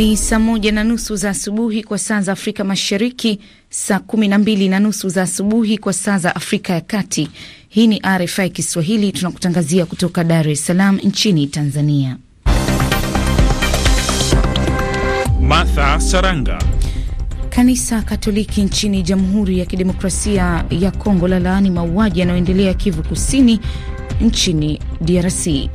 Ni saa moja na nusu za asubuhi kwa saa za Afrika Mashariki, saa kumi na mbili na nusu za asubuhi kwa saa za Afrika ya Kati. Hii ni RFI Kiswahili, tunakutangazia kutoka Dar es Salaam nchini Tanzania. Martha Saranga. Kanisa Katoliki nchini Jamhuri ya Kidemokrasia ya Kongo la laani mauaji yanayoendelea Kivu Kusini nchini DRC.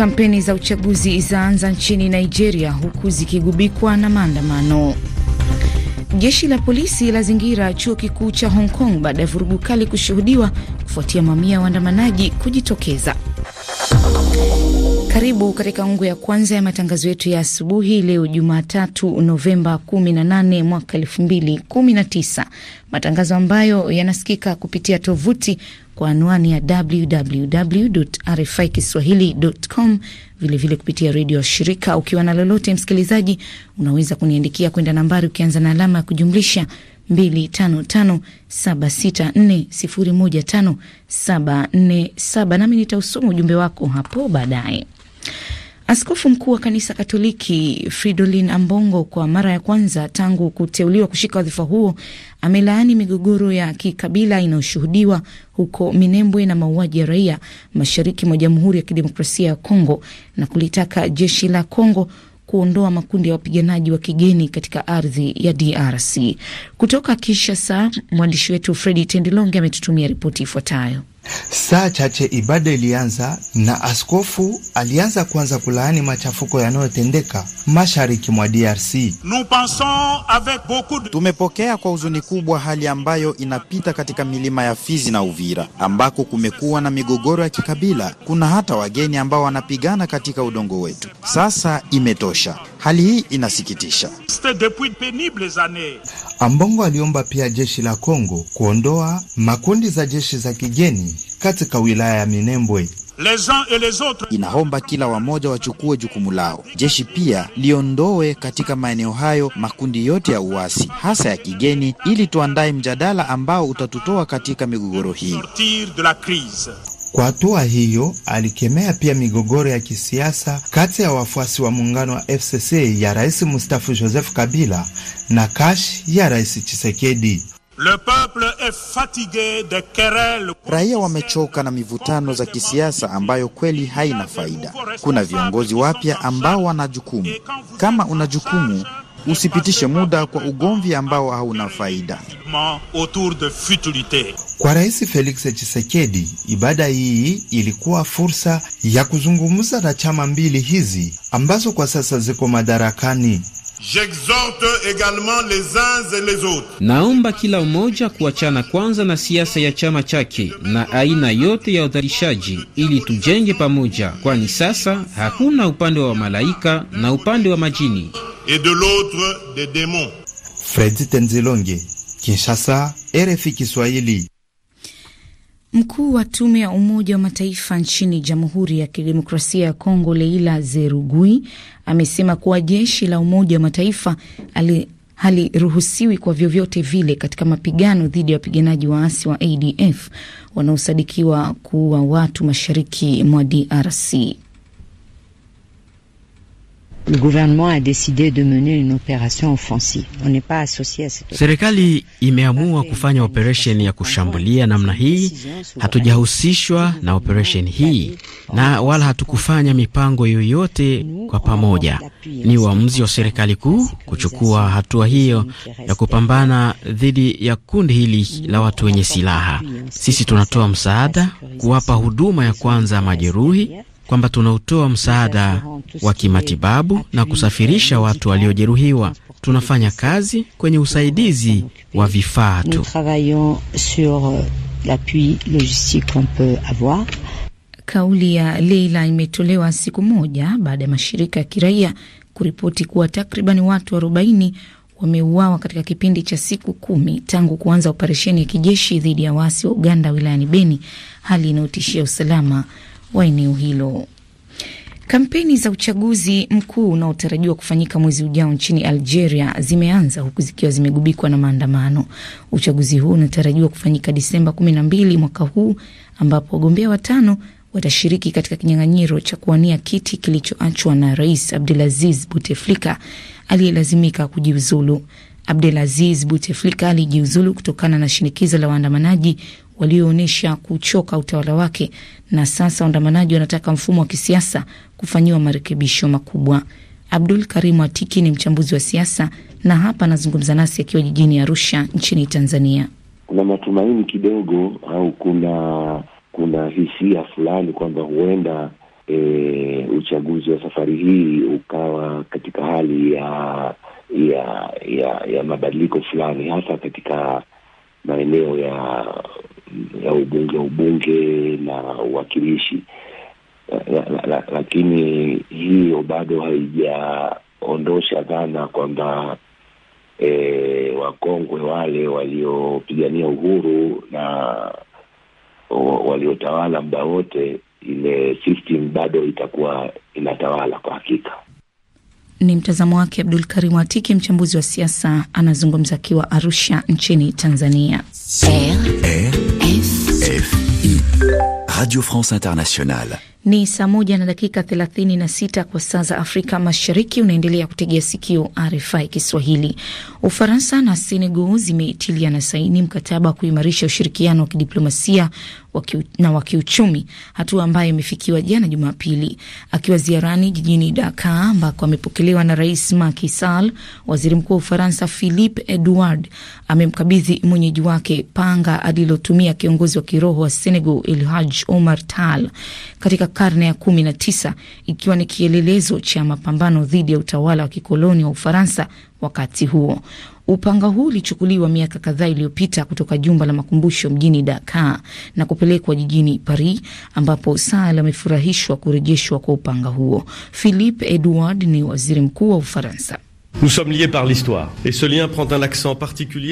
Kampeni za uchaguzi zaanza nchini Nigeria huku zikigubikwa na maandamano. Jeshi la polisi lazingira chuo kikuu cha Hong Kong baada ya vurugu kali kushuhudiwa kufuatia mamia ya waandamanaji kujitokeza. Karibu katika ungu ya kwanza ya matangazo yetu ya asubuhi leo Jumatatu, Novemba 18 mwaka 2019, matangazo ambayo yanasikika kupitia tovuti kwa anwani ya www RFI kiswahilicom, vilevile kupitia redio ya shirika. Ukiwa na lolote, msikilizaji, unaweza kuniandikia kwenda nambari ukianza na alama ya kujumlisha 255764015747 nami nitausoma ujumbe wako hapo baadaye. Askofu mkuu wa kanisa Katoliki Fridolin Ambongo, kwa mara ya kwanza tangu kuteuliwa kushika wadhifa huo, amelaani migogoro ya kikabila inayoshuhudiwa huko Minembwe na mauaji ya raia mashariki mwa Jamhuri ya Kidemokrasia ya Kongo na kulitaka jeshi la Kongo kuondoa makundi ya wapiganaji wa kigeni katika ardhi ya DRC. Kutoka Kinshasa, mwandishi wetu Fredi Tendilonge ametutumia ripoti ifuatayo. Saa chache ibada ilianza na askofu alianza kwanza kulaani machafuko yanayotendeka mashariki mwa DRC. Tumepokea kwa huzuni kubwa hali ambayo inapita katika milima ya Fizi na Uvira ambako kumekuwa na migogoro ya kikabila. Kuna hata wageni ambao wanapigana katika udongo wetu. Sasa imetosha. Hali hii inasikitisha. Ambongo aliomba pia jeshi la Kongo kuondoa makundi za jeshi za kigeni katika wilaya ya Minembwe. Inaomba kila wamoja wachukue jukumu lao. Jeshi pia liondoe katika maeneo hayo makundi yote ya uasi, hasa ya kigeni, ili tuandae mjadala ambao utatutoa katika migogoro hii. Kwa hatua hiyo, alikemea pia migogoro ya kisiasa kati ya wafuasi wa muungano wa FCC ya rais mustafu Joseph Kabila na Kash ya rais Chisekedi. Le peuple est de Raia wamechoka na mivutano za kisiasa ambayo kweli haina faida. Kuna viongozi wapya ambao wana jukumu. Kama una jukumu, usipitishe muda kwa ugomvi ambao hauna faida. Kwa Rais Felix Tshisekedi, ibada hii ilikuwa fursa ya kuzungumza na chama mbili hizi ambazo kwa sasa ziko madarakani. Naomba kila mmoja kuachana kwanza na siasa ya chama chake na aina yote ya udharishaji ili tujenge pamoja, kwani sasa hakuna upande wa malaika na upande wa majini. Et de l'autre des Fredi Tenzilonge, Kinshasa, RFI Kiswahili. Mkuu wa tume ya Umoja wa Mataifa nchini Jamhuri ya Kidemokrasia ya Kongo, Leila Zerugui, amesema kuwa jeshi la Umoja wa Mataifa ali haliruhusiwi kwa vyovyote vile katika mapigano dhidi ya wapiganaji waasi wa ADF wanaosadikiwa kuua watu mashariki mwa DRC le gouvernement a décidé de mener une opération offensive. On n'est pas associé à cette serikali imeamua kufanya operesheni ya kushambulia namna hii. Hatujahusishwa na operation hii na wala hatukufanya mipango yoyote kwa pamoja. Ni uamuzi wa serikali kuu kuchukua hatua hiyo ya kupambana dhidi ya kundi hili la watu wenye silaha. Sisi tunatoa msaada, kuwapa huduma ya kwanza majeruhi kwamba tunautoa msaada wa kimatibabu na kusafirisha watu waliojeruhiwa. Tunafanya kazi kwenye usaidizi wa vifaa tu. Euh, Kauli ya Leila imetolewa siku moja baada ya mashirika ya kiraia kuripoti kuwa takriban watu 40 wameuawa katika kipindi cha siku kumi tangu kuanza operesheni ya kijeshi dhidi ya waasi wa Uganda wilayani Beni, hali inayotishia usalama wa eneo hilo. Kampeni za uchaguzi mkuu unaotarajiwa kufanyika mwezi ujao nchini Algeria zimeanza huku zikiwa zimegubikwa na maandamano. Uchaguzi huu unatarajiwa kufanyika Disemba 12 mwaka huu, ambapo wagombea watano watashiriki katika kinyang'anyiro cha kuwania kiti kilichoachwa na Rais Abdelaziz buteflika aliyelazimika kujiuzulu. Abdelaziz Buteflika alijiuzulu kutokana na shinikizo la waandamanaji walioonyesha kuchoka utawala wake, na sasa waandamanaji wanataka mfumo wa kisiasa kufanyiwa marekebisho makubwa. Abdul Karimu Atiki ni mchambuzi wa siasa na hapa anazungumza nasi akiwa jijini Arusha nchini Tanzania. Kuna matumaini kidogo au kuna kuna hisia fulani kwamba huenda e, uchaguzi wa safari hii ukawa katika hali ya ya ya, ya mabadiliko fulani hasa katika maeneo ya ya ubunge ubunge na uwakilishi lakini hiyo bado haijaondosha dhana kwamba e, wakongwe wale waliopigania uhuru na waliotawala muda wote, ile system bado itakuwa inatawala kwa hakika. Ni mtazamo wake Abdul karimu Atiki, mchambuzi wa siasa, anazungumza akiwa Arusha nchini Tanzania. Eh. Eh. I Radio France Internationale. Ni saa moja na dakika sita kwa saa za Afrika Mashariki. Unaendelea kutegea sikio RFI Kiswahili. Ufaransa na Senegal na saini mkataba wa kuimarisha ushirikiano wa kidiplomasia na wa kiuchumi, hatua ambayo imefikiwa jana Jumapili. Akiwa ziarani jijini Dakar ambako amepokelewa na Rais Macky Sall, waziri mkuu wa Ufaransa Philippe Edouard amemkabidhi mwenyeji wake panga alilotumia kiongozi wa kiroho wa Senegal Elhaj Omar Tal katika karne ya kumi na tisa ikiwa ni kielelezo cha mapambano dhidi ya utawala wa kikoloni wa Ufaransa wakati huo. Upanga huu ulichukuliwa miaka kadhaa iliyopita kutoka jumba la makumbusho mjini Dakar na kupelekwa jijini Paris, ambapo Sal amefurahishwa kurejeshwa kwa upanga huo. Philippe Edward ni waziri mkuu wa Ufaransa.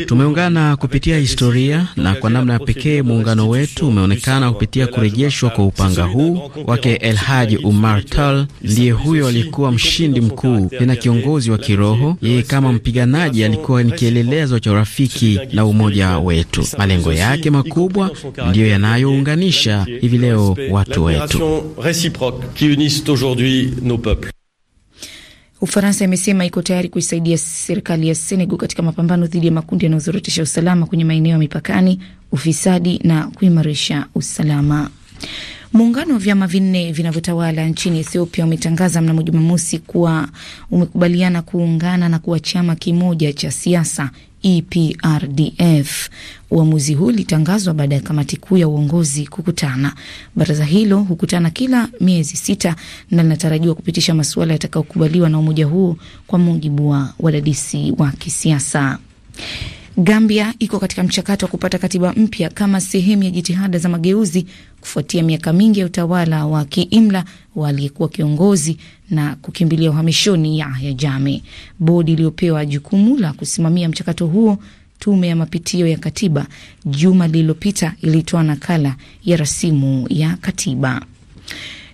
Tumeungana kupitia historia na kwa namna ya pekee muungano wetu umeonekana kupitia kurejeshwa kwa upanga huu wake El Haji Umar Tal. Ndiye huyo alikuwa mshindi mkuu, tena kiongozi wa kiroho. Yeye kama mpiganaji alikuwa ni kielelezo cha urafiki na umoja wetu. Malengo yake makubwa ndiyo yanayounganisha hivi leo watu wetu. Ufaransa imesema iko tayari kuisaidia serikali ya Senegal katika mapambano dhidi ya makundi yanayozorotesha usalama kwenye maeneo ya mipakani, ufisadi na kuimarisha usalama. Muungano wa vyama vinne vinavyotawala nchini Ethiopia umetangaza mnamo Jumamosi kuwa umekubaliana kuungana na kuwa chama kimoja cha siasa EPRDF. Uamuzi huu ulitangazwa baada ya kamati kuu ya uongozi kukutana. Baraza hilo hukutana kila miezi sita na linatarajiwa kupitisha masuala yatakayokubaliwa na umoja huo kwa mujibu wa wadadisi wa kisiasa. Gambia iko katika mchakato wa kupata katiba mpya kama sehemu ya jitihada za mageuzi kufuatia miaka mingi ya utawala wa kiimla wa aliyekuwa kiongozi na kukimbilia uhamishoni Yahya jame Bodi iliyopewa jukumu la kusimamia mchakato huo tume ya mapitio ya katiba juma lililopita ilitoa nakala ya rasimu ya katiba.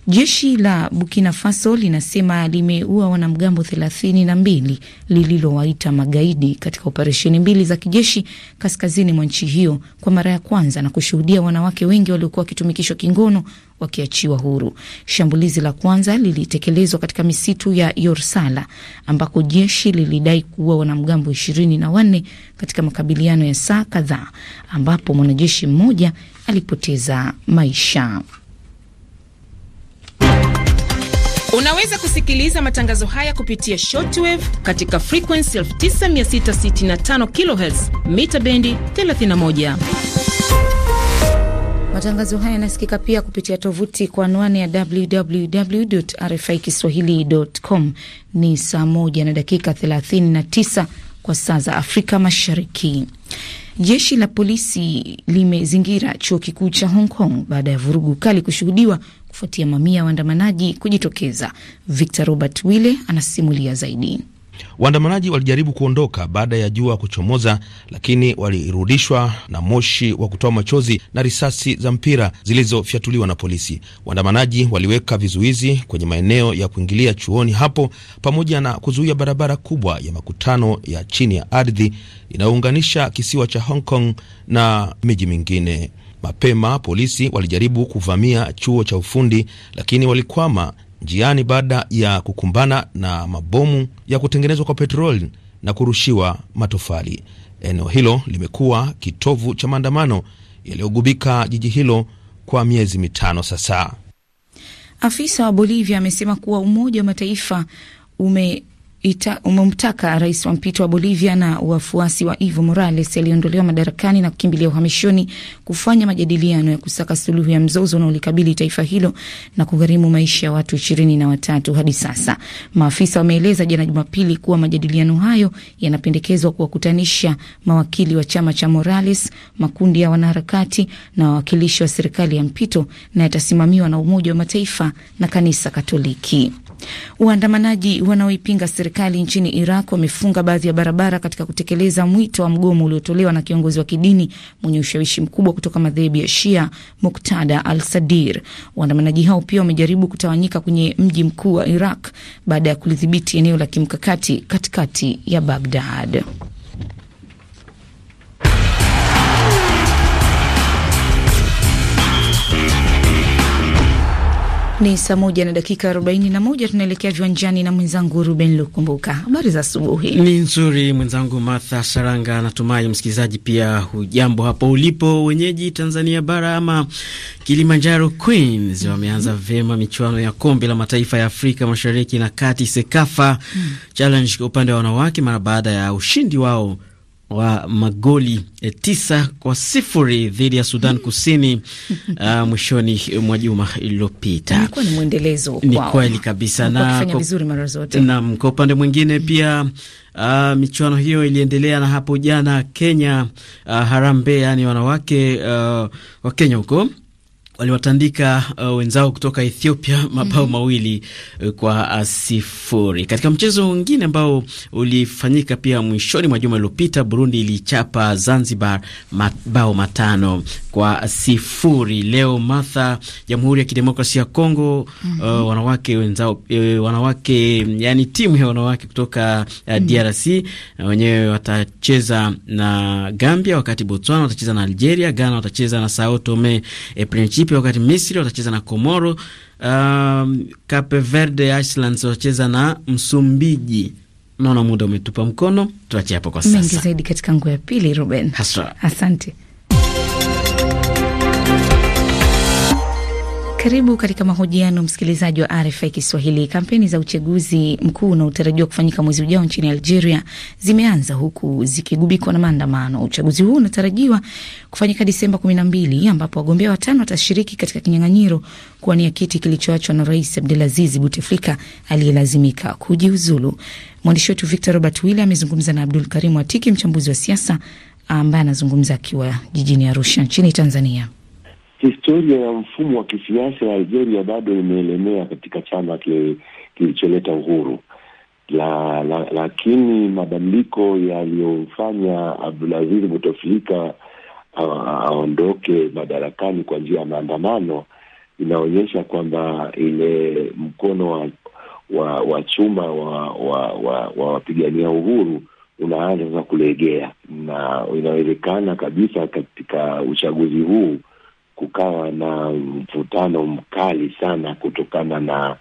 Jeshi la Burkina Faso linasema limeua wanamgambo thelathini na mbili lililowaita magaidi katika operesheni mbili za kijeshi kaskazini mwa nchi hiyo kwa mara ya kwanza na kushuhudia wanawake wengi waliokuwa wakitumikishwa kingono wakiachiwa huru. Shambulizi la kwanza lilitekelezwa katika misitu ya Yorsala ambako jeshi lilidai kuua wanamgambo ishirini na wanne katika makabiliano ya saa kadhaa ambapo mwanajeshi mmoja alipoteza maisha. Unaweza kusikiliza matangazo haya kupitia shortwave katika frequency 9665 kilohertz mita bendi 31. Matangazo haya yanasikika pia kupitia tovuti kwa anwani ya www RFI kiswahilicom. Ni saa moja na dakika 39 kwa saa za Afrika Mashariki. Jeshi la polisi limezingira chuo kikuu cha Hong Kong baada ya vurugu kali kushuhudiwa kufuatia mamia waandamanaji kujitokeza. Victor Robert Wille anasimulia zaidi. Waandamanaji walijaribu kuondoka baada ya jua kuchomoza, lakini walirudishwa na moshi wa kutoa machozi na risasi za mpira zilizofyatuliwa na polisi. Waandamanaji waliweka vizuizi kwenye maeneo ya kuingilia chuoni hapo, pamoja na kuzuia barabara kubwa ya makutano ya chini ya ardhi inayounganisha kisiwa cha Hong Kong na miji mingine. Mapema polisi walijaribu kuvamia chuo cha ufundi lakini walikwama njiani baada ya kukumbana na mabomu ya kutengenezwa kwa petroli na kurushiwa matofali. Eneo hilo limekuwa kitovu cha maandamano yaliyogubika jiji hilo kwa miezi mitano sasa. Afisa wa Bolivia amesema kuwa Umoja wa Mataifa ume umemtaka rais wa mpito wa Bolivia na wafuasi wa Evo Morales aliyeondolewa madarakani na kukimbilia uhamishoni kufanya majadiliano ya kusaka suluhu ya mzozo unaolikabili taifa hilo na kugharimu maisha ya watu ishirini na watatu hadi sasa. Maafisa wameeleza jana Jumapili kuwa majadiliano hayo yanapendekezwa kuwakutanisha mawakili wa chama cha Morales, makundi ya wanaharakati na wawakilishi wa serikali ya mpito na yatasimamiwa na Umoja wa Mataifa na Kanisa Katoliki. Waandamanaji wanaoipinga serikali nchini Iraq wamefunga baadhi ya barabara katika kutekeleza mwito wa mgomo uliotolewa na kiongozi wa kidini mwenye ushawishi mkubwa kutoka madhehebu ya Shia, Muktada al Sadir. Waandamanaji hao pia wamejaribu kutawanyika kwenye mji mkuu wa Iraq baada ya kulidhibiti eneo la kimkakati katikati ya Bagdad. Ni saa moja na dakika arobaini na moja. Tunaelekea viwanjani na mwenzangu Ruben Lukumbuka. Habari za asubuhi. Ni nzuri mwenzangu Martha Saranga, natumai msikilizaji pia hujambo hapo ulipo. Wenyeji Tanzania bara ama Kilimanjaro Queens mm -hmm. wameanza vyema michuano ya kombe la mataifa ya Afrika mashariki na kati, SEKAFA mm -hmm. Challenge kwa upande wa wanawake mara baada ya ushindi wao wa magoli e, tisa kwa sifuri dhidi ya Sudan Kusini uh, mwishoni mwa juma iliyopita. Ni mwendelezo, ni kweli kabisa, na naam. Kwa upande mwingine mm. pia Uh, michuano hiyo iliendelea na hapo jana Kenya, uh, Harambee, yani wanawake uh, wa Kenya huko waliwatandika uh, wenzao kutoka Ethiopia mabao mm -hmm. mawili uh, kwa uh, sifuri. Katika mchezo mwingine ambao ulifanyika pia mwishoni mwa juma iliopita, Burundi ilichapa Zanzibar mabao matano kwa sifuri. Leo matha Jamhuri ya Kidemokrasia ya Kongo mm -hmm. uh, mhm. wanawake wenzao uh, wanawake yani timu ya wanawake kutoka uh, mhm. DRC mm -hmm. na wenyewe watacheza na Gambia, wakati Botswana watacheza na Algeria, Ghana watacheza na Sao Tome e, Jipe, wakati Misri watacheza na Komoro. Um, Cape Verde Islands watacheza na Msumbiji. Naona muda umetupa mkono, tuachie hapo kwa sasa. Mengi zaidi katika nguo ya pili, Ruben haswa. Asante. Karibu katika mahojiano, msikilizaji wa RFI Kiswahili. Kampeni za uchaguzi mkuu unaotarajiwa kufanyika mwezi ujao nchini Algeria zimeanza huku zikigubikwa na maandamano. Uchaguzi huu unatarajiwa kufanyika Disemba kumi na mbili, ambapo wagombea watano watashiriki katika kinyang'anyiro kuwania kiti kilichoachwa na Rais Abdulaziz Bouteflika aliyelazimika kujiuzulu. Mwandishi wetu Victor Robert Wille amezungumza na Abdul Karimu Atiki, mchambuzi wa siasa ambaye anazungumza akiwa jijini Arusha nchini Tanzania. Historia ya mfumo wa kisiasa ya Algeria bado imeelemea katika chama kilicholeta uhuru la, la, lakini mabadiliko yaliyofanya Abdulaziz Bouteflika aondoke madarakani kwa njia ya maandamano inaonyesha kwamba ile mkono wa wa, wa chuma wa wa wapigania wa, wapigania uhuru unaanza sasa kulegea, na inawezekana kabisa katika uchaguzi huu kukawa na mvutano mkali sana kutokana na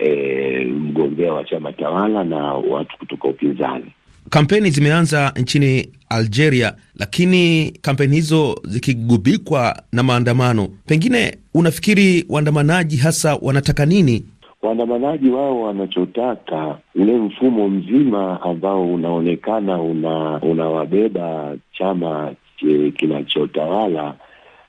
e, mgombea wa chama tawala na watu kutoka upinzani. Kampeni zimeanza nchini Algeria, lakini kampeni hizo zikigubikwa na maandamano. Pengine unafikiri waandamanaji hasa wanataka nini? Waandamanaji wao wanachotaka ule mfumo mzima ambao unaonekana una unawabeba chama e, kinachotawala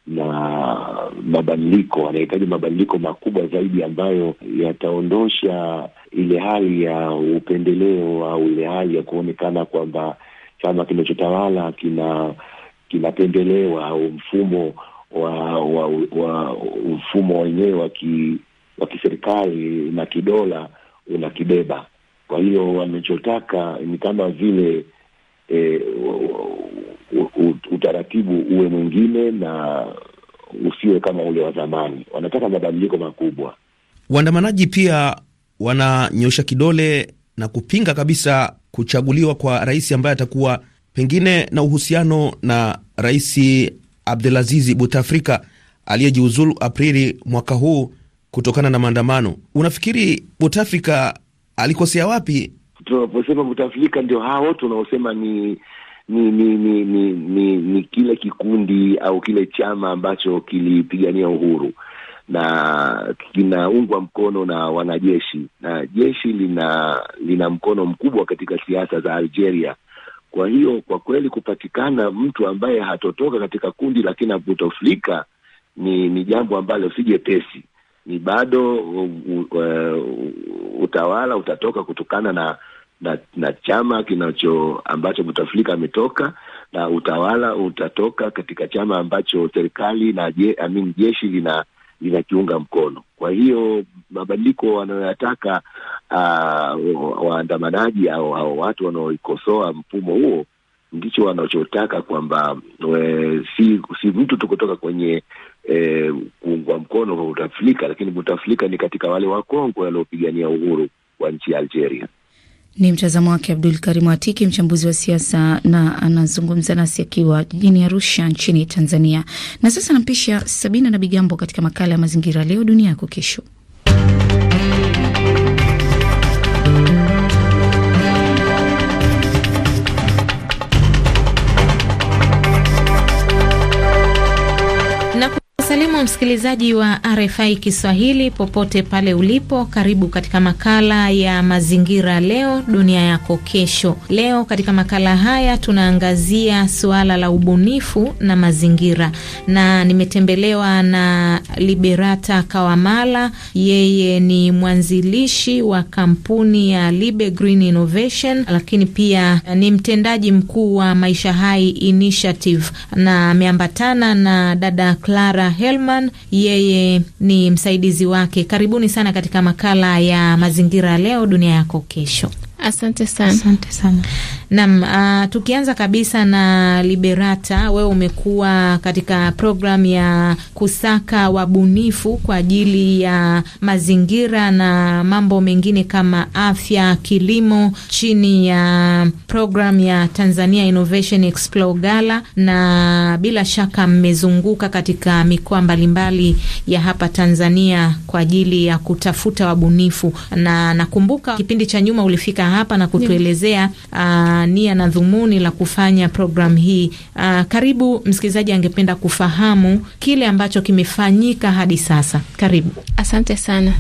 na mabadiliko, wanahitaji mabadiliko makubwa zaidi ambayo yataondosha ile hali ya upendeleo au ile hali ya kuonekana kwamba chama kinachotawala kina kinapendelewa au mfumo wa wa, wa mfumo wenyewe wa kiserikali na kidola unakibeba. Kwa hiyo wanachotaka ni kama vile e, utaratibu uwe mwingine na usiwe kama ule wa zamani. Wanataka mabadiliko makubwa. Waandamanaji pia wananyosha kidole na kupinga kabisa kuchaguliwa kwa rais ambaye atakuwa pengine na uhusiano na Rais Abdelaziz butafrika aliyejiuzulu Aprili mwaka huu kutokana na maandamano. Unafikiri butafrika alikosea wapi? Tunaposema Butafrika ndio hao tunaosema ni ni ni ni ni ni, ni kile kikundi au kile chama ambacho kilipigania uhuru na kinaungwa mkono na wanajeshi, na jeshi lina lina mkono mkubwa katika siasa za Algeria. Kwa hiyo kwa kweli kupatikana mtu ambaye hatotoka katika kundi lakini akutoflika ni ni jambo ambalo si jepesi, ni bado uh, uh, utawala utatoka kutokana na na, na chama kinacho ambacho Bouteflika ametoka na utawala utatoka katika chama ambacho serikali na je, amin, jeshi lina linakiunga mkono. Kwa hiyo mabadiliko wanayoyataka uh, waandamanaji au, au watu wanaoikosoa mfumo huo ndicho wanachotaka kwamba si, si mtu tu kutoka kwenye e, kuungwa mkono kwa Bouteflika, lakini Bouteflika ni katika wale wakongwe waliopigania uhuru wa nchi ya Algeria. Ni mtazamo wake Abdul Karimu Atiki, mchambuzi wa siasa, na anazungumza nasi akiwa jijini Arusha nchini Tanzania. Na sasa nampisha Sabina na Bigambo katika makala ya mazingira, Leo Dunia Yako Kesho. msikilizaji wa RFI Kiswahili popote pale ulipo, karibu katika makala ya mazingira leo dunia yako kesho. Leo katika makala haya tunaangazia suala la ubunifu na mazingira, na nimetembelewa na Liberata Kawamala. Yeye ni mwanzilishi wa kampuni ya Libe Green Innovation, lakini pia ni mtendaji mkuu wa Maisha Hai Initiative na ameambatana na dada Clara Helm Oman, yeye ni msaidizi wake. Karibuni sana katika makala ya mazingira leo dunia yako kesho. Asante sana, asante sana. Naam, uh, tukianza kabisa na Liberata, wewe umekuwa katika programu ya kusaka wabunifu kwa ajili ya mazingira na mambo mengine kama afya, kilimo chini ya programu ya Tanzania Innovation Explore Gala, na bila shaka mmezunguka katika mikoa mbalimbali ya hapa Tanzania kwa ajili ya kutafuta wabunifu, na nakumbuka kipindi cha nyuma ulifika hapa na kutuelezea uh, nia na dhumuni la kufanya program hii. Uh, karibu msikilizaji angependa kufahamu kile ambacho kimefanyika hadi sasa. Karibu. Asante sana.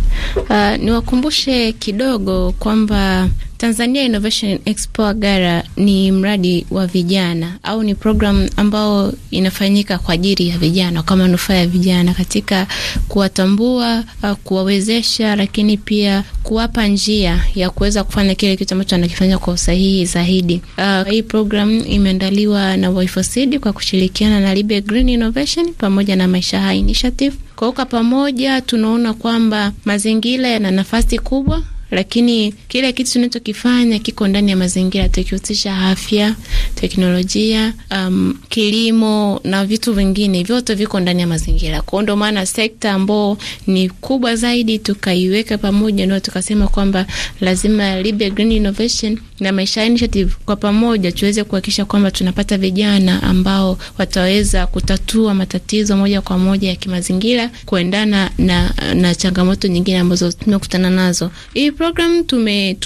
Uh, niwakumbushe kidogo kwamba Tanzania Innovation Expo Agara ni mradi wa vijana au ni program ambao inafanyika kwa ajili ya vijana kwa manufaa ya vijana katika kuwatambua, uh, kuwawezesha, lakini pia kuwapa njia ya kuweza kufanya kile kitu ambacho anakifanya kwa usahihi zaidi. Uh, hii program imeandaliwa na Wifoseed kwa kushirikiana na Libe Green Innovation pamoja na Maisha Hai Initiative. Kwa pamoja tunaona kwamba mazingira yana nafasi kubwa lakini kile kitu tunachokifanya kiko ndani ya mazingira, tukihusisha afya, teknolojia, um, kilimo na vitu vingine vyote viko ndani ya mazingira. Kwao ndo maana sekta ambao ni kubwa zaidi tukaiweka pamoja, ndio tukasema kwamba lazima Libya Green Innovation na Maisha Initiative kwa pamoja tuweze kuhakikisha kwamba tunapata vijana ambao wataweza kutatua matatizo moja kwa moja ya kimazingira kuendana na, na changamoto nyingine ambazo tumekutana nazo. Ipo program tume,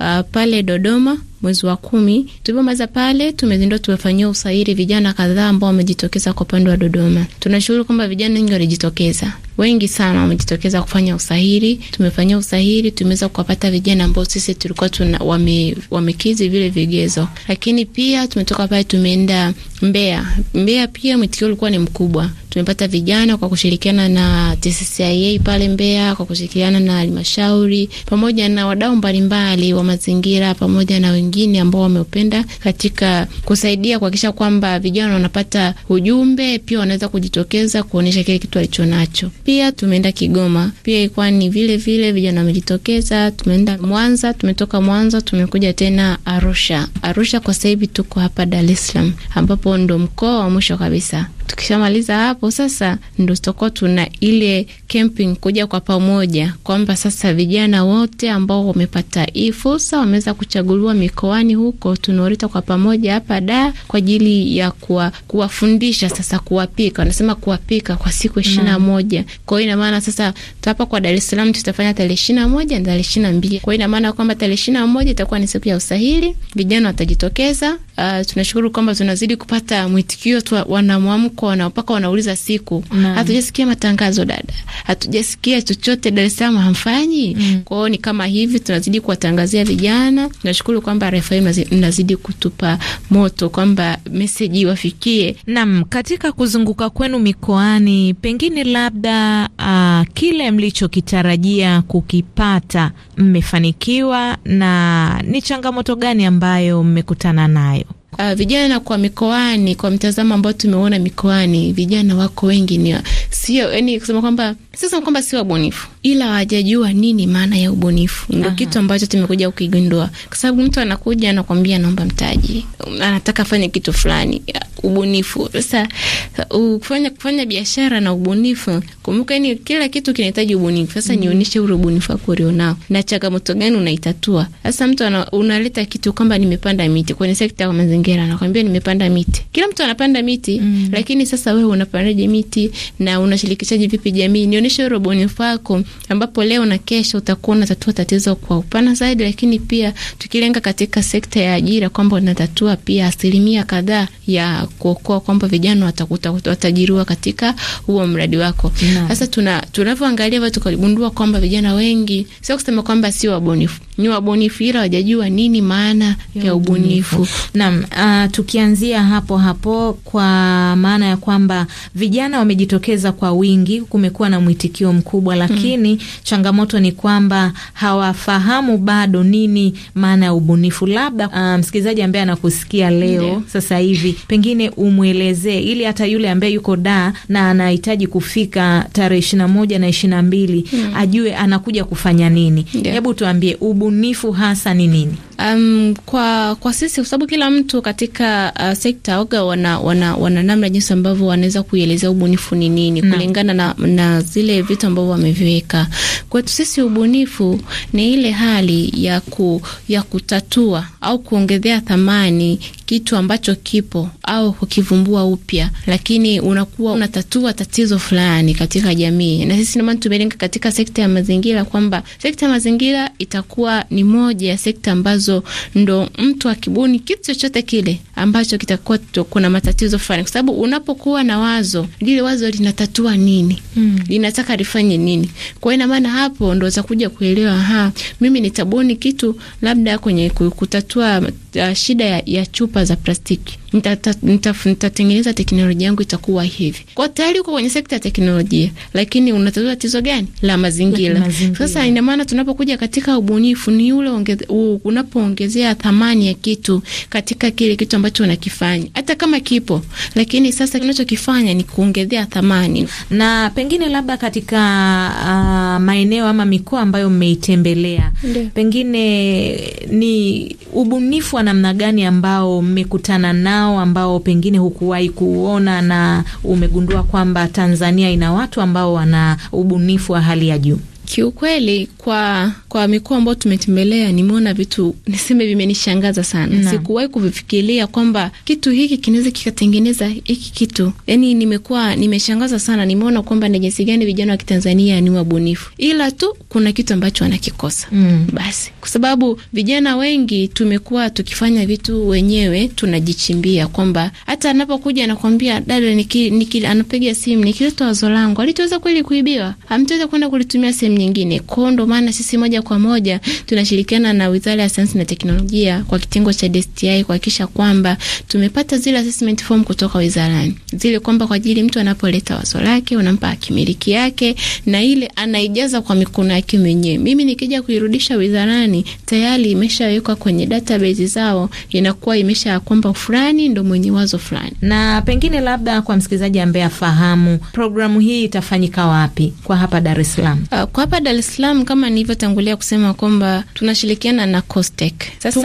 uh, pale Dodoma mwezi wa kumi. Tulivyomaliza pale, tumezindua tuwafanyia usairi vijana kadhaa ambao wamejitokeza kwa upande wa Dodoma. Tunashughuli kwamba vijana wengi walijitokeza, wengi sana wamejitokeza kufanya usahiri. Tumefanyia usahiri, tumeweza kuwapata vijana ambao sisi tulikuwa tuna wame, wamekizi vile vigezo, lakini pia tumetoka pale tumeenda Mbeya. Mbeya pia mwitikio ulikuwa ni mkubwa. Tumepata vijana kwa kushirikiana na TCCIA pale Mbeya, kwa kushirikiana na halmashauri pamoja na wadau mbalimbali wa mazingira pamoja na wengi wengine ambao wameupenda katika kusaidia kuhakikisha kwamba vijana wanapata ujumbe, pia wanaweza kujitokeza kuonyesha kile kitu alicho nacho Pia tumeenda Kigoma, pia ilikuwa ni vile vile vijana wamejitokeza. Tumeenda Mwanza, tumetoka Mwanza tumekuja tena Arusha. Arusha kwa sasa hivi tuko hapa Dar es Salaam, ambapo ndo mkoa wa mwisho kabisa. Tukishamaliza hapo sasa, ndo tutakuwa tuna ile camping kuja kwa pamoja, kwamba sasa vijana wote ambao wamepata hii fursa wameweza kuchaguliwa mikoani huko, tunaorita kwa pamoja hapa da kwa ajili ya kuwafundisha sasa kuwapika, wanasema kuwapika kwa siku mm. ishirini na moja. Kwa hiyo inamaana sasa hapa kwa Dar es Salaam tutafanya tarehe ishirini na moja na tarehe ishirini na mbili. Kwa hiyo inamaana kwamba tarehe ishirini na moja itakuwa ni siku ya usahili, vijana watajitokeza uh, tunashukuru kwamba tunazidi kupata mwitikio tu, wanamwamko mpaka wanauliza siku, hatujasikia matangazo dada, hatujasikia chochote, Dar es Salaam hamfanyi mm. Kwao ni kama hivi, tunazidi kuwatangazia vijana. Tunashukuru kwamba RFI mnazidi kutupa moto kwamba meseji wafikie nam katika kuzunguka kwenu mikoani, pengine labda uh, kile mlichokitarajia kukipata mmefanikiwa, na ni changamoto gani ambayo mmekutana nayo? Uh, vijana kwa mikoani, kwa mtazamo ambao tumeona mikoani, vijana wako wengi ni sio, yani kusema kwamba sasa kwamba sio wabunifu, ila wajajua nini maana ya ubunifu. Ndo kitu ambacho tumekuja kukigundua, kwa sababu mtu anakuja anakwambia anaomba mtaji, anataka afanye kitu fulani, ubunifu. Sasa uh, kufanya kufanya biashara na ubunifu, kumbuka, ni kila kitu kinahitaji ubunifu. Sasa mm nionyeshe ule ubunifu wako ulionao na changamoto gani unaitatua. Sasa mtu ana, unaleta kitu kwamba nimepanda miti kwenye sekta ya mazingira, anakwambia nimepanda miti. Kila mtu anapanda miti mm lakini sasa wewe unapandaje miti na unashirikishaje vipi jamii? kubadilisha hilo ubunifu wako, ambapo leo na kesho utakuwa unatatua tatizo kwa upana zaidi, lakini pia tukilenga katika sekta ya ajira kwamba unatatua pia asilimia kadhaa ya kuokoa kwamba vijana watakuta watajiriwa katika huo mradi wako. Sasa tuna tunavyoangalia watu tukagundua kwamba vijana wengi, sio kusema kwamba sio wabunifu, ni wabunifu ila wajajua nini maana ya, ya ubunifu. Naam, uh, tukianzia hapo hapo kwa maana ya kwamba vijana wamejitokeza kwa wingi, kumekuwa na mwitikio mkubwa, lakini mm. changamoto ni kwamba hawafahamu bado nini maana ya ubunifu. Labda uh, msikilizaji ambaye anakusikia leo yeah. sasa hivi pengine umwelezee, ili hata yule ambaye yuko da na anahitaji kufika tarehe ishirini na moja na ishirini na mbili mm. ajue anakuja kufanya nini. Hebu yeah. tuambie ubunifu hasa ni nini? Um, kwa kwa sisi kwa sababu kila mtu katika uh, sekta oga wana, wana, wana namna jinsi ambavyo wanaweza kuielezea ubunifu ni nini mm. kulingana na, na zile vitu ambavyo wameviweka kwetu sisi. Ubunifu ni ile hali ya, ku, ya kutatua au kuongezea thamani kitu ambacho kipo au kukivumbua upya, lakini unakuwa unatatua tatizo fulani katika jamii, na sisi namana tumelenga katika sekta ya mazingira kwamba sekta ya mazingira itakuwa ni moja ya sekta ambazo matatizo, ndo mtu akibuni kitu chochote kile ambacho kitakuwa kuna matatizo fulani, kwa sababu unapokuwa na wazo lile, wazo linatatua nini? Mm. linataka lifanye nini? Kwa ina maana hapo ndo utakuja kuelewa, ha, mimi nitabuni kitu labda kwenye kutatua uh, shida ya, ya chupa za plastiki nitatengeneza teknolojia yangu itakuwa hivi. Kwa tayari uko kwenye sekta ya teknolojia, lakini unatatua tatizo gani la mazingira? Sasa ina maana tunapokuja katika ubunifu ni ule unapoongezea thamani ya kitu katika kile kitu ambacho unakifanya, hata kama kipo, lakini sasa kinachokifanya ni kuongezea thamani. Na pengine labda katika uh, maeneo ama mikoa ambayo mmeitembelea, pengine ni ubunifu wa namna gani ambao mmekutana na nao ambao pengine hukuwahi kuona na umegundua kwamba Tanzania ina watu ambao wana ubunifu wa hali ya juu? Kiukweli kwa kwa mikoa ambayo tumetembelea, nimeona vitu niseme vimenishangaza sana. Sikuwahi kuvifikiria kwamba kitu hiki kinaweza kikatengeneza hiki kitu. Yani nimekuwa nimeshangaza sana, nimeona kwamba ni jinsi gani vijana wa Kitanzania ni wabunifu, ila tu kuna kitu ambacho wanakikosa mm. Basi kwa sababu vijana wengi tumekuwa tukifanya vitu wenyewe, tunajichimbia kwamba hata anapokuja anakwambia dada, niki, niki, anapiga simu nikileta wazo langu alitoweza kweli kuibiwa, amtoweza kwenda kulitumia sehemu nyingine. Kwa ndo maana sisi moja kwa moja tunashirikiana na Wizara ya Sayansi na Teknolojia kwa kitengo cha DSTI kuhakikisha kwamba tumepata zile assessment form kutoka wizarani, zile kwamba kwa ajili mtu anapoleta wazo lake unampa akimiliki yake, na ile anaijaza kwa mikono yake mwenyewe. Mimi nikija kuirudisha wizarani, tayari imeshawekwa kwenye database zao, inakuwa imesha kwamba fulani ndo mwenye wazo fulani. Na pengine labda kwa msikilizaji ambaye afahamu programu hii itafanyika wapi kwa hapa Dar es Salaam? Uh, kwa hapa Dar es Salaam kama nilivyotangulia kusema kwamba tunashirikiana na COSTECH. Sasa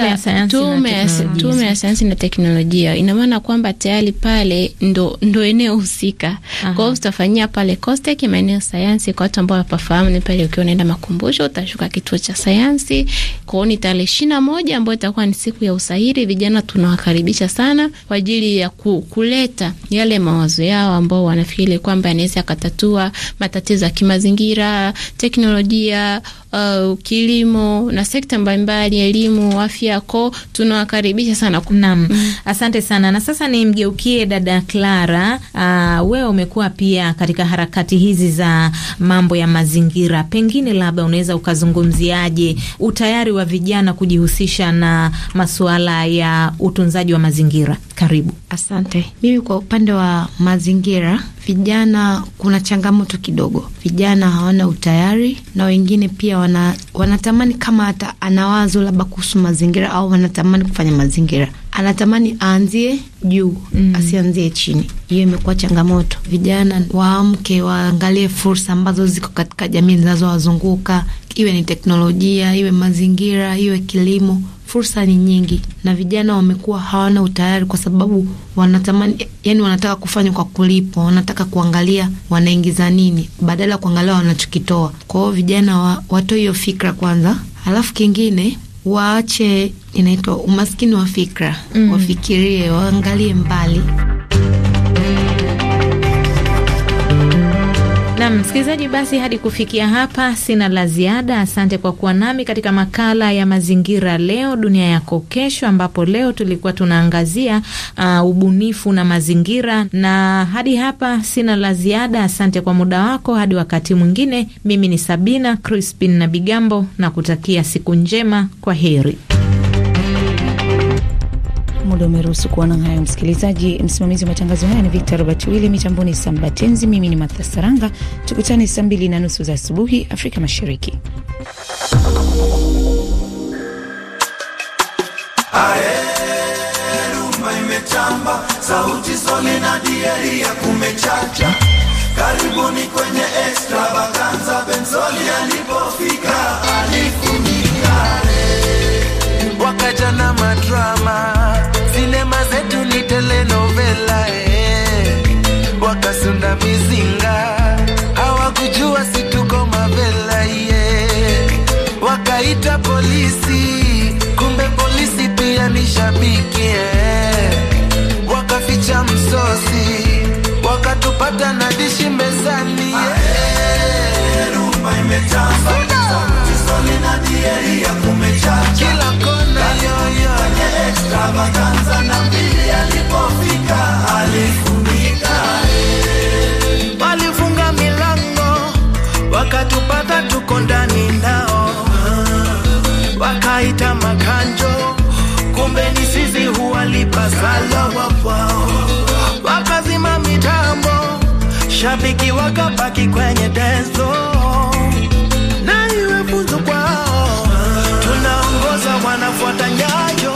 tume ya sayansi na teknolojia, ina maana kwamba tayari pale ndo, ndo eneo husika. Kwa hiyo tutafanyia pale COSTECH maeneo sayansi, kwa watu ambao wapafahamu ni pale, ukiwa unaenda makumbusho utashuka kituo cha sayansi. Kwa hiyo ni tarehe ishirini na moja ambayo itakuwa ni siku ya usahiri. Vijana tunawakaribisha sana kwa ajili ya ku, kuleta yale mawazo yao ambao wanafikiri kwamba yanaweza yakatatua matatizo ya kimazingira teknolojia, uh, kilimo na sekta mbalimbali, elimu, afya. Ko tunawakaribisha sana nam. Mm. Asante sana, na sasa ni mgeukie dada Clara. Uh, wewe umekuwa pia katika harakati hizi za mambo ya mazingira, pengine labda unaweza ukazungumziaje utayari wa vijana kujihusisha na masuala ya utunzaji wa mazingira? Karibu. Asante. Mimi kwa upande wa mazingira vijana kuna changamoto kidogo, vijana hawana utayari, na wengine pia wana, wanatamani kama hata anawazo labda kuhusu mazingira au wanatamani kufanya mazingira, anatamani aanzie juu mm, asianzie chini. Hiyo imekuwa changamoto. Vijana waamke, waangalie fursa ambazo ziko katika jamii zinazowazunguka, iwe ni teknolojia, iwe mazingira, iwe kilimo fursa ni nyingi na vijana wamekuwa hawana utayari kwa sababu wanatamani, yani wanataka kufanya kwa kulipwa, wanataka kuangalia wanaingiza nini badala ya kuangalia wanachokitoa. Kwa hiyo vijana wa, watoe hiyo fikra kwanza, alafu kingine waache inaitwa umaskini wa fikra mm. Wafikirie, waangalie mbali. Na msikilizaji, basi hadi kufikia hapa sina la ziada. Asante kwa kuwa nami katika makala ya mazingira leo dunia yako kesho, ambapo leo tulikuwa tunaangazia uh, ubunifu na mazingira. Na hadi hapa sina la ziada. Asante kwa muda wako. Hadi wakati mwingine, mimi ni Sabina Crispin na Bigambo na kutakia siku njema. Kwa heri muda umeruhusu kuona hayo, msikilizaji. Msimamizi wa matangazo haya ni Victor Robert Wille, mitamboni Sambatenzi, mimi ni Martha Saranga. Tukutane saa mbili na nusu za asubuhi Afrika Mashariki. Rumba imetamba, sauti na kumechacha. Karibuni kwenye extravaganza, Benzoli alipofika alifunika wakaja na madrama ni telenovela eh, wakasunda mizinga hawakujua situko mavela yeah. Wakaita polisi, kumbe polisi pia ni shabiki yeah. Wakaficha msosi, wakatupata na dishi mezani yeah. wanaita makanjo, kumbe ni sisi huwalipa sala wakwao. Wakazima mitambo, shabiki wakabaki kwenye dezo, na iwe funzo kwao. Tunaongoza wanafuata nyayo.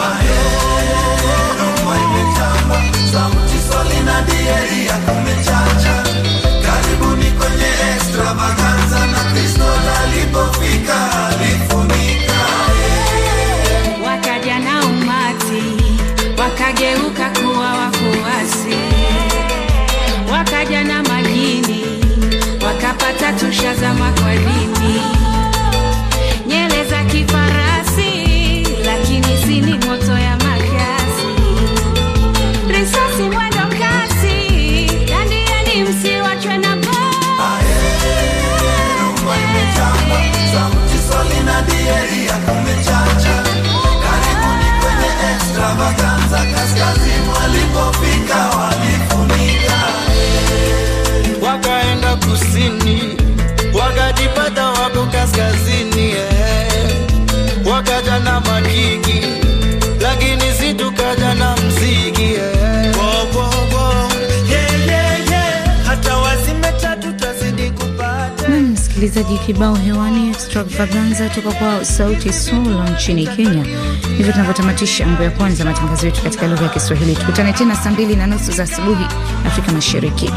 kutazama kwa msikilizaji, kibao hewani extravaganza toka kwa Sauti solo nchini Kenya. Hivyo tunavyotamatisha ngo ya kwanza matangazo yetu katika lugha ya Kiswahili. Tukutane tena saa mbili na nusu za asubuhi Afrika Mashariki.